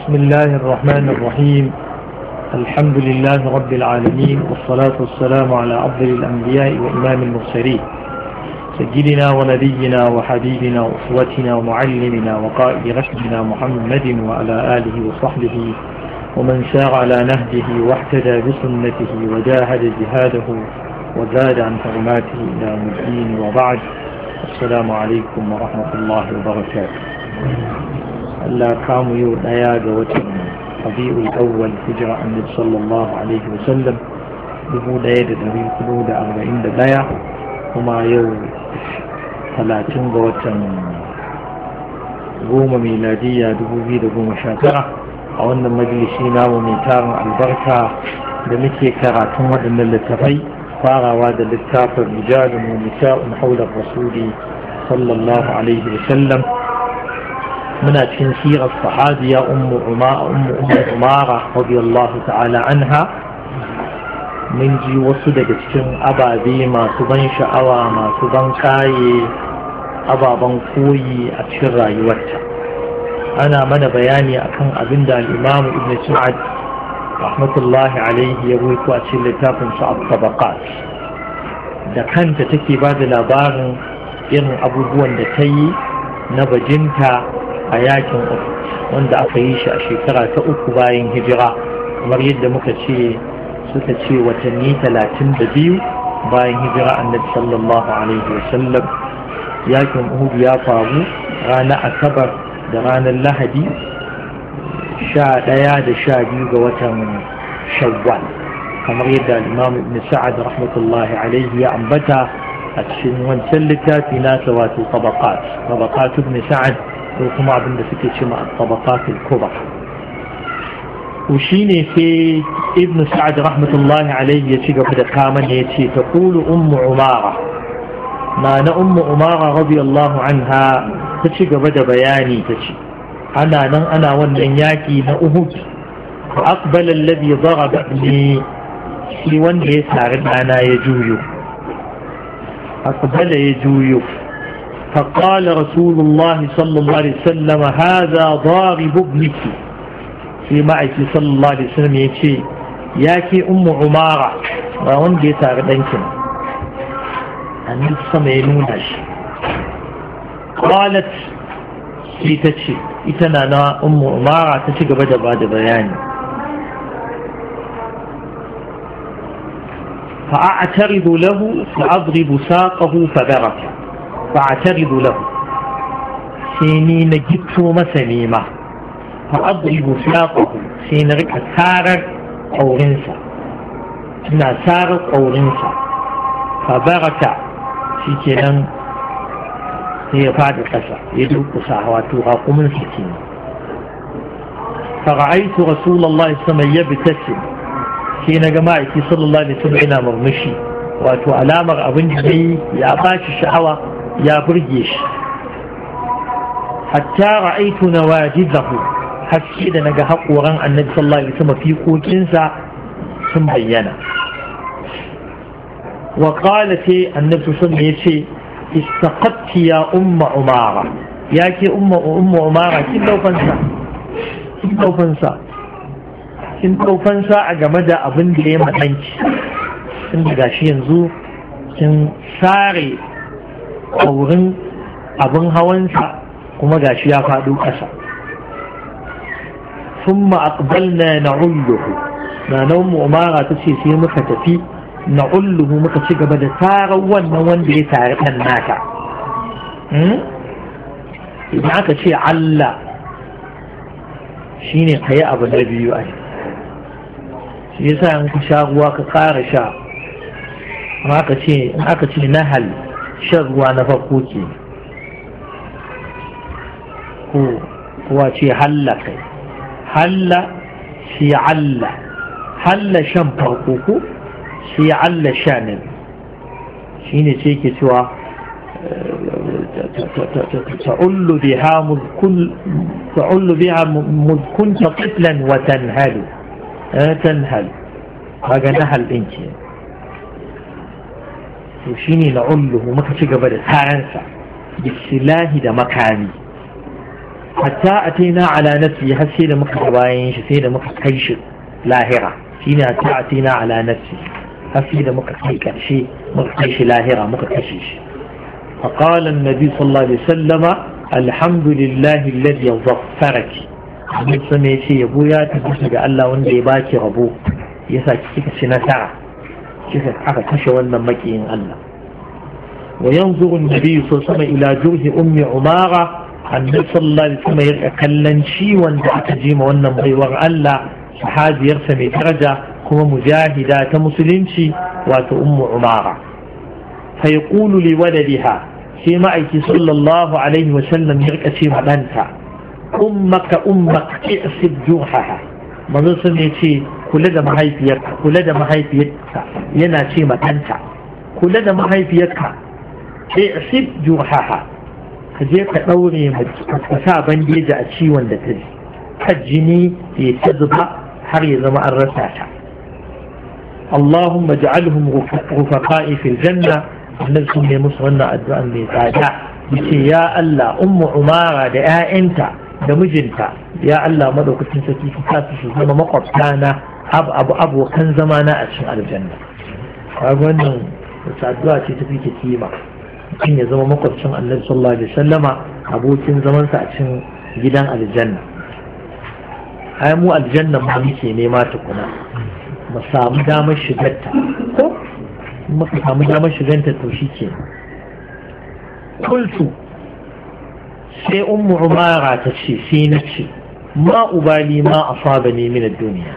بسم الله الرحمن الرحيم الحمد لله رب العالمين والصلاة والسلام على أفضل الأنبياء وإمام المرسلين سيدنا ونبينا وحبيبنا وأسوتنا ومعلمنا وقائد رشدنا محمد وعلى آله وصحبه ومن سار على نهجه واحتدى بسنته وجاهد جهاده وزاد عن حرماته إلى الدين وبعد السلام عليكم ورحمة الله وبركاته Allah kamu yau daya ga watan Rabi'ul Awwal hijira Annabi sallallahu alaihi wa sallam 1441 kuma yau 30 ga watan goma miladiya 2019 a wannan majalisi namu mai tarin albarka da muke karatun waɗannan littafai farawa da littafin rijalun nisa'un haular rasuli sallallahu alaihi wa sallam muna cikin sirar sahabiya ummu umara radiyallahu ta'ala anha mun ji wasu daga cikin ababe masu ban sha'awa masu ban kaye ababen koyi a cikin rayuwarta ana mana bayani akan abin da al'imamu ibn sa'ad rahmatullahi alaihi ya ruwaito a cikin littafin sa'ad tabaqat da kanta take ba da labarin irin abubuwan da ta yi na bajinta a yakin uku wanda aka yi shi a shekara ta uku bayan hijira kamar yadda muka ce suka ce watanni talatin da biyu bayan hijira annabi sallallahu alaihi wasallam yakin uhud ya faru ranar asabar da ranar lahadi sha ɗaya da sha biyu ga watan shawwal kamar yadda imam ibn sa'ad rahmatullahi alaihi ya ambata a cikin wancan littafi nasa wato tabaqat tabaqat ibn sa'ad kuma abin da suke ce ma tabaqatul kubra shine sai ibn sa'ad rahmatullahi alayhi ya ci gaba da kama ne ya ce taqulu ummu umara Nana na ummu umara radiyallahu anha ta ci gaba da bayani ta ce ana nan ana wannan yaki na uhud fa aqbala alladhi daraba ni shi wanda ya sari dana ya juyo ya juyo فقال رسول الله صلى الله عليه وسلم هذا ضارب ابنك في معك صلى الله عليه وسلم يتشي ياكي أم عمارة وان جيتا غدنكم أنت سمينونش قالت في تتشي إتنا نا أم عمارة تتشي قبدا بعد بيان فأعترض له فأضرب ساقه فبركه فاعترض له سيني نجدتو مسليمة فأضرب ساقه سيني ركا سارر قورنسا سنا سارر قورنسا فبرك سيكينا هي فاد القسا يدوك ساعواته قوم سكين فرأيت رسول الله صلى الله عليه وسلم يبتسم سينا جماعتي صلى الله عليه وسلم مرمشي wato alamar abin da ya yi ya bashi sha'awa ya burge shi hatta ra'aitu nawajizahu haske da naga haƙoran annabi sallallahu alaihi wasallam fiƙoƙinsa sun bayyana wa qala sai annabi sallallahu alaihi yace istaqatti ya umma umara yake umma umma umara kin daukansa kin daukansa kin daukansa a game da abin da ya madanki kin daga shi yanzu kin sare a wurin abin hawansa kuma gashi ya faɗo ƙasa sun ma'aƙbalna na ulluhu na nan umara ta ce sai muka tafi na muka ci gaba da tarar wannan wanda ya tari ɗan nata hmm? idan aka ce Allah shine ne kayi abu na biyu ai shi yasa in ka sha ruwa ka ƙara sha in aka ce nahal shan ruwa na farko ke ko kuwa ce halla kai halla si alla halla shan farko ko si alla shanin ne shi ne ce ke cewa تعل بها مذ تعل بها مذ كنت طفلا وتنهل تنهل هذا نهل انت to shine na'ulluhu muka ci gaba da taransa bisilahi da makami hatta ataina ala nafsi har sai da muka bayan shi sai da muka kai shi lahira shine hatta ataina ala nafsi har sai da muka kai karshe muka kai shi lahira muka kashe shi فقال النبي صلى الله عليه وسلم الحمد لله الذي ظفرك abin sun ya ce yabo ya tabbata ga Allah wanda ya baki rabo ya kika ci nasara kisa aka kashe wannan makiyin Allah wa yanzuru nabi so sama ila juhi ummi umara annabi sallallahu alaihi wasallam ya kallon ciwon da aka ji ma wannan baiwar Allah sahabiyarsa mai daraja kuma mujahida ta musulunci wato ummu umara fa yaqulu li waladiha sai ma'aiki sallallahu alaihi wasallam ya rika ce ma ɗanta ummaka ummaka i'sib jurhaha manzo sun ce kula da mahaifiyarka kula da mahaifiyarka yana ce ma ɗanta kula da mahaifiyarka i'sib juhaha ka je ka ɗaure ka sa bandeji a ciwon da ta ji kan jini ya ta zuba har ya zama an rasa ta اللهم اجعلهم رفقائي في الجنة نزل من مصر أن أدعى يا الله أم عمارة دعاء أنت da mijinta ya Allah maɗaukacin sarki ka sa su zama makwabta na abu abu abokan zama na a cikin aljanna kaga wannan addu'a ce ta fike kima mutum ya zama makwabcin annabi sallallahu alaihi wasallama abokin zaman sa a cikin gidan aljanna ai mu aljanna ma muke nema tukuna mu samu damar shigarta ko muka samu damar shigarta to shi ke kultu سي أم عمارة تشي في نفسي ما أبالي ما أصابني من الدنيا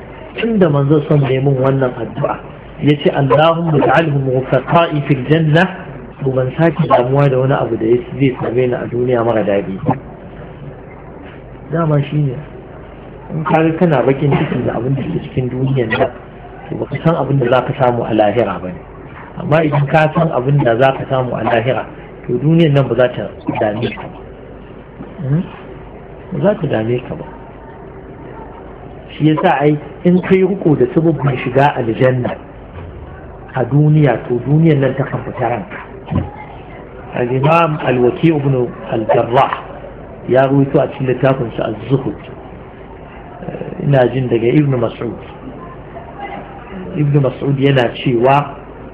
عندما من زرصن ديمون وانا الدعاء يتي اللهم اجعلهم غفقائي في الجنة ومن ساكي دموال هنا أبو دايس زي سمينا الدنيا مرة دابي لا ما شيني إن قال كنا بكين تكي لأبن تشكين دنيا لا وكسان أبن الله كسامو على هرا بني أما إذا كسان أبن الله كسامو على هرا في الدنيا نبذاتها دانيكتها Hmm? ba za ta dame ka ba shi yasa ai in kai riko da sababin shiga aljanna a duniya to duniyan nan ta kan fita ranka al-imam al-waki ibn al ya ruwaito a cikin littafin sa az-zuhud eh, ina jin daga ibn mas'ud ibn mas'ud yana cewa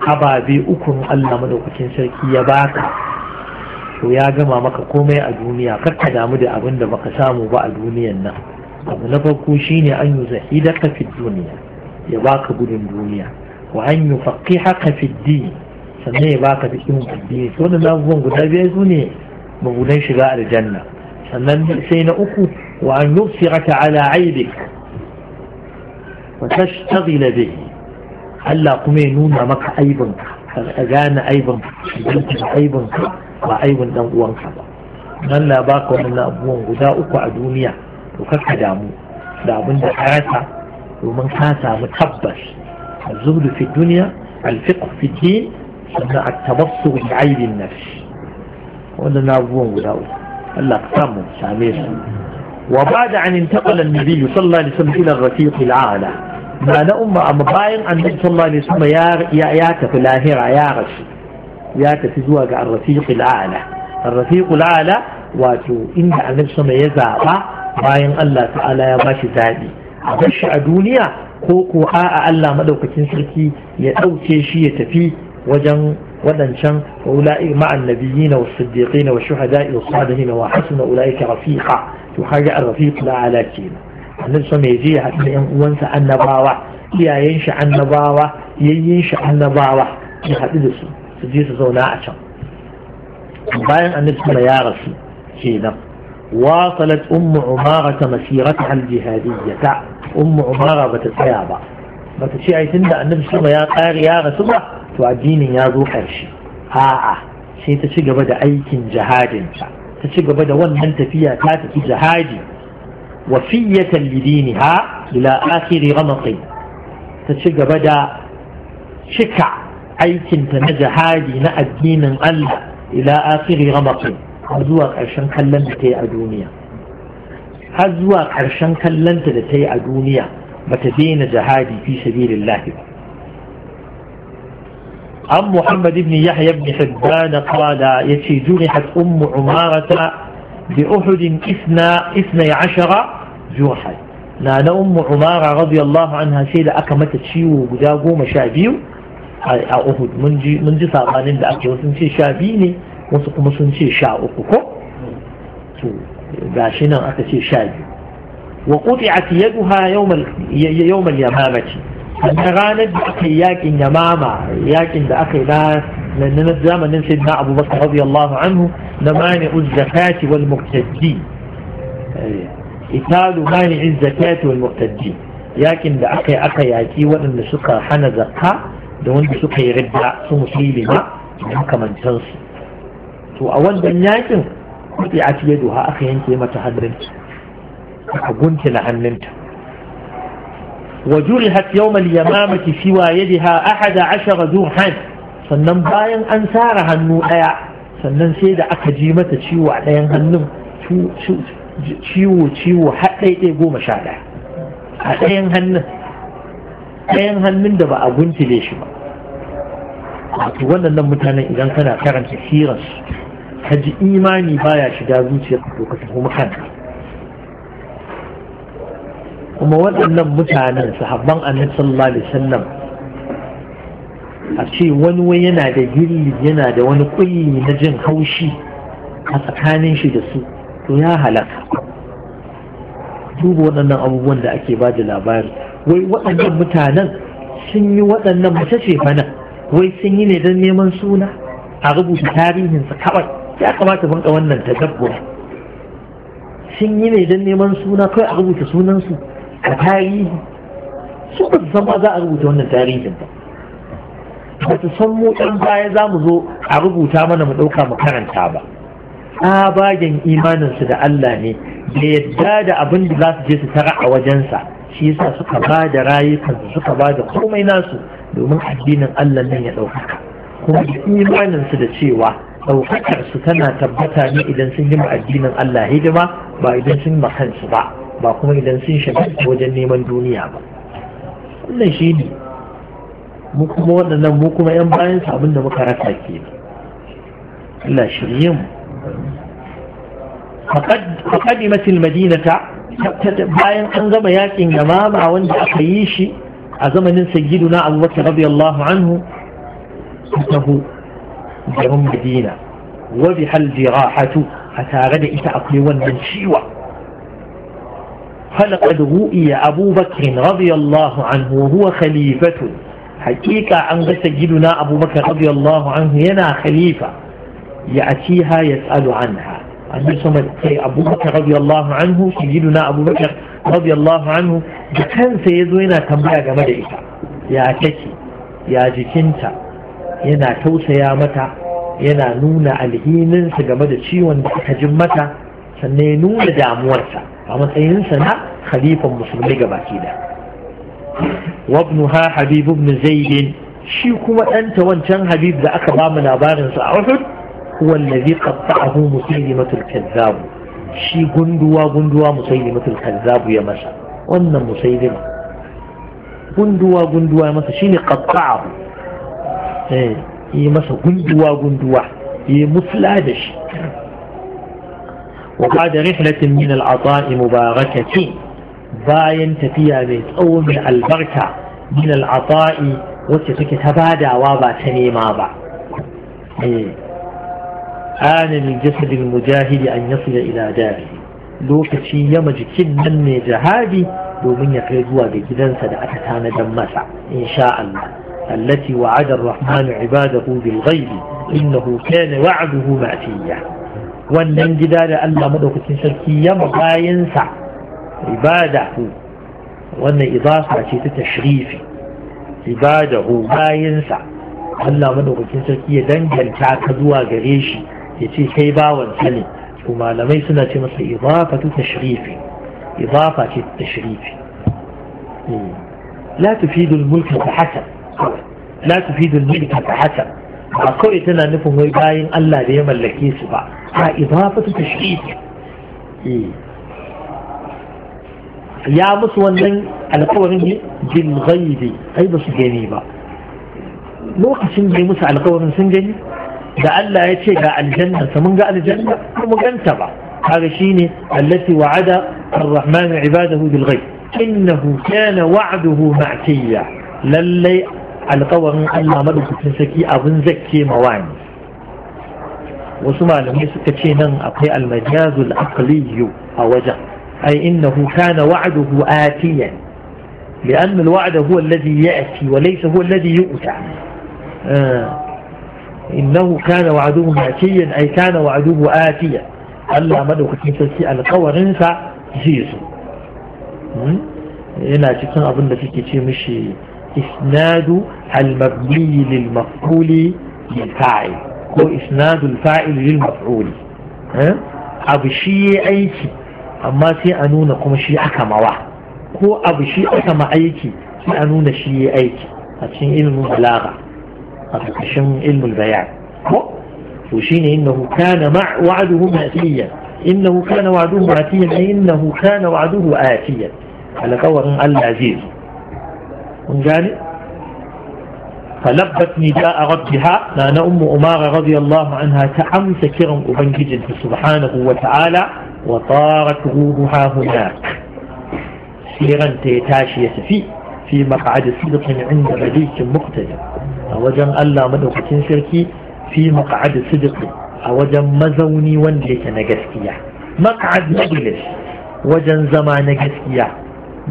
ababe ukun Allah madaukakin sarki ya baka to ya gama maka komai a duniya kar ka damu da abin da baka samu ba a duniyan nan abu na farko shine an yi zahida ka fi duniya ya baka gudun duniya wa an yi faƙi haka fi din sannan ya baka cikin addini to wannan abubuwan guda biyar su ne mabudan shiga aljanna sannan sai na uku wa an yusiraka ala aibik wa tashtagila bihi Allah kuma ya nuna maka aibinka ka gane aibinka ka aibinka ba aibin dan uwanka ba Allah ba ka wannan abubuwan guda uku a duniya to ka damu da abin da ka rasa domin ka samu tabbas الزهد في الدنيا الفقه في الدين sannan a tabassu da aibin nafi waɗannan abubuwan guda uku Allah ka samu same su wa ba da an intaqala an-nabi sallallahu alaihi wasallam ila ar-rafiq al-a'la ma na umma amma bayan annabi sallallahu alaihi wasallam ya ya tafi lahira ya rasu ya tafi zuwa ga arrafiqul a'la arrafiqul a'la wato inda annabi sama ya zaba bayan Allah ta'ala ya bashi zabi a bashi a duniya ko ko a'a Allah madaukakin sarki ya dauke shi ya tafi wajen wadancan ula'i ma'an nabiyina was siddiqina was shuhada'i was salihin wa hasuna ula'ika rafiqa to haga arrafiqul a'la kenan annabi sama ya je ya haɗu da 'yan uwansa annabawa iyayen shi annabawa yayyen shi annabawa ya haɗu da su su je su zauna a can bayan annabi sallallahu ya rasu kenan واصلت أم عمارة مسيرتها الجهادية أم عمارة بتسعى با بتشي أي سنة النبي صلى الله عليه يا رسول تعجيني يا ذو حرشي ها sai ta ci gaba da aikin jihadinta ta ci gaba da wannan tafiya ta tafi jihadi wasiyatan lidiniha ila akhiri ramqi ta ci gaba da cika aikin ta na jihadi na addinin Allah ila akhiri ramaqin har zuwa karshen kallon da ta yi a duniya har zuwa karshen kallon ta da ta yi a duniya bata daina jihadi fi sabilillah ba عن محمد بن يحيى بن حبان قال يتي جرحت أم عمارة بأحد إثنى إثنى عشر جرحا na na ummu umara radiyallahu anha sai da aka mata ciwo guda goma a uhud mun ji sabanin da ake wasu ce sha biyu ne wasu kuma sun ce sha uku ko to gashi nan aka ce sha biyu wa quti'at yaduha yawm yawmal yamamati sannan ranar da aka yi yakin yamama yakin da aka yi na na zamanin sai sayyidina abubakar radiyallahu anhu na mani uzzakati wal muqtaddi italu mani uzzakati wal muqtaddi yakin da aka yi aka yaki waɗanda suka hana zakka da wanda suka yi ridda su musulmi ba da makamantansu to a wannan yakin kuɗi a fiye doha aka yanke mata hannunta aka guntula hannunta wajuri hat وجرحت يوم اليمامة في وايدها أحد عشر جرحا sannan bayan an tsara hannu ɗaya sannan sai da aka ji mata ciwo a ɗayan hannun ciwo ciwo har ɗaiɗai goma sha ɗaya a ɗayan hannun ɗayan hannun da ba a guntule shi ba wato wannan mutanen idan kana karanta siras kaji imani baya shiga zuciyar ka ka tafi kanka kuma waɗannan mutanen sahabban annabi sallallahu alaihi wasallam a ce wani wani yana da gilli yana da wani kulli na jin haushi a tsakanin shi da su to ya halaka duba waɗannan abubuwan da ake ba da labari wai waɗannan mutanen sun yi waɗannan mace ce fa nan wai sun yi ne don neman suna a rubuta tarihinsa kawai ya kamata mun ga wannan tadabbur sun yi ne don neman suna kawai a rubuta sunansu a tarihi su ba su san ba za a rubuta wannan tarihin ba ba su san mu ɗan baya za mu zo a rubuta mana mu ɗauka mu karanta ba tsabagen imaninsu da Allah ne da yadda da abin da za su je su tara a wajensa shi yasa suka ba da rayukansu suka ba da komai nasu domin addinin Allah nan ya ɗaukaka kuma imaninsu da cewa ɗaukakarsu tana tabbata ne idan sun yi addinin Allah hidima ba idan sun makansu ba ba kuma idan sun shiga wajen neman duniya ba wannan shi ne mu kuma waɗannan mu kuma 'yan bayan abin da muka rasa ke Allah shirye mu faƙadimatin madinata bayan an gama yakin yamama wanda aka yi shi أزمن سيدنا أبو بكر رضي الله عنه أنه بهم مدينة وبها الجراحة غدا إتا أقلوا من شيوة فلقد رؤي أبو بكر رضي الله عنه وهو خليفة حقيقة أن سيدنا أبو بكر رضي الله عنه ينا خليفة يأتيها يسأل عنها أن يسمى أبو بكر رضي الله عنه سيدنا أبو بكر رضي الله عنه كان سيزوينا تنبيه جمد يا تكي يا جكينتا ينا توسيا متا ينا نونا الهينن سجمد شيوان بحجم متا دا داموانسا فما سينسنا خليفة مسلمي جباكينا وابنها حبيب ابن زيد شيكما أنت وانتان حبيب ذا من بارنسا أحد هو الذي قطعه مسلمة الكذاب shi gunduwa gunduwa musaylimatul kazzabu ya masa wannan musaylima gunduwa gunduwa ya masa shine qatta'ahu eh yi masa gunduwa gunduwa yi musla da shi wa rihlatin min وبعد رحلة من العطاء مباركة باين تفيا من أو من wacce take tabadawa ba ta nema ba eh آن من جسد المجاهد أن يصل إلى داره لو شي يمج كل من جهادي لو دومن يقرقوا بجدن سدعك تانا دمسع إن شاء الله التي وعد الرحمن عباده بالغيب إنه كان وعده مأتية وأن جدار ألا مدوك تنسكي يمضى ينسع عباده وأن إضافة تتشريف عباده ما ينسع ألا مدوك تنسكي دنجل كاكدوا قريشي يتي كيبا والحلي وما لم يسنا تمس إضافة تشريف إضافة التشريف لا تفيد الملك فحسب لا تفيد الملك فحسب أقول إتنا نفهم ويباين ألا ليما لكي سبع ها إضافة تشريف يا مسوان من على قوة من بالغيب أي بس جنيبا لو قسم جي موسى على قوة من سن da Allah ya ce ga aljanna sa mun ga aljanna ko mu ganta ba haka shine allati wa'ada ar rahman ibadahu bil ghaib innahu kana wa'duhu ma'tiya lallai alƙawarin Allah madaukakin saki abin zakke mawani wasu malamai suka ce nan akwai almajazul aqliyu a wajen ai innahu kana wa'duhu atiyan لأن الوعد هو الذي يأتي وليس هو الذي يؤتى إنه كان وعدوه مأتيا أي كان وعدوه آتيا ألا مدوك تنسي القور انسى زيزو هنا تكن أظن في كتير مشي إسناد المبني للمفعول للفاعل هو إسناد الفاعل للمفعول أبو شيء أيكي أما سي أنونا كما شيء أكما واحد هو أبو شيء أكما أيكي سي أنونا شيء أيكي أتشين إلم بلاغة عشان علم البيع وشين إنه كان مع وعده مأتيا إنه كان وعده مأتيا أي إنه كان وعده آتيا على قول العزيز ونجاني فلبت نداء ربها لأن أم أمارة رضي الله عنها تعمس كرم أبنجد سبحانه وتعالى وطارت روحها هناك سيرا تيتاشية في في مقعد صدق عند بديك مقتدر a wajen Allah maɗaukacin sarki fi maq'ad sidq a wajen mazauni wanda yake na gaskiya maq'ad majlis wajen zama na gaskiya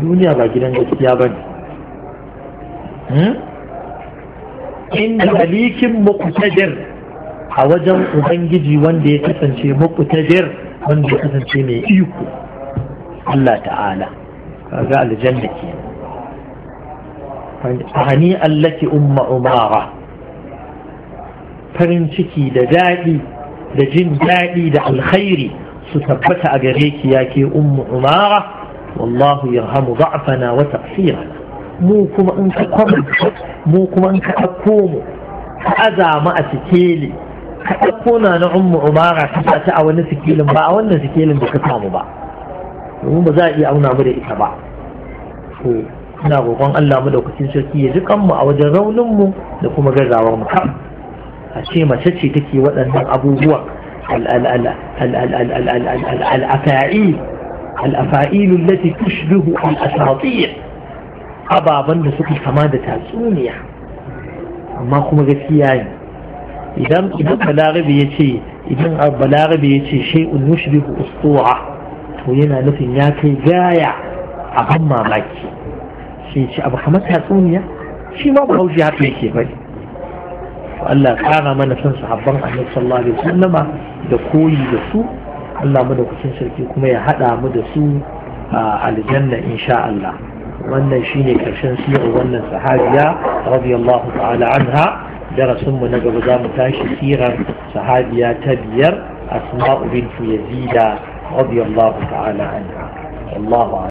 duniya ba gidan gaskiya ne hmm? inda malikin muqtadir a wajen ubangiji wanda ya kasance muqtadir wanda ya kasance mai iko Allah ta'ala kaga aljanna kenan هنيئا لك أم عمارة فرنسكي دجائي لجن دائي دع الخير ستبت أقريك ياكي أم عمارة والله يرهم ضعفنا وتقصيرنا موكم أنك قم موكم أنك أقوم فأذا ما أتكيلي أقونا نعم عمارة فأتا أولا سكيلم با أولا سكيلم بكتام با ومبزائي أولا مريئة با ina roƙon Allah madaukakin sarki ya ji kanmu a wajen raunin mu da kuma gazawar mu a ce mace ce take waɗannan abubuwa al-afa'il al-afa'il allati tushbihu al-asatir ababan da suke kama da tatsuniya amma kuma gaskiya ne idan idan balagabi ya ce idan balagabi ya ce shay'un yushbihu ustura to yana nufin ya kai gaya a ban mamaki shi ci abu kamar tatsuniya shi ma ba haushi haka yake bari Allah kara mana son sahabban annabi sallallahu alaihi wasallama da koyi da su Allah mu da sarki kuma ya hada mu da su a aljanna insha Allah wannan shine karshen siyar wannan sahabiya radiyallahu ta'ala anha darasin mu na gaba za mu tashi sirar sahabiya ta biyar asma'u bintu yazida radiyallahu ta'ala anha Allahu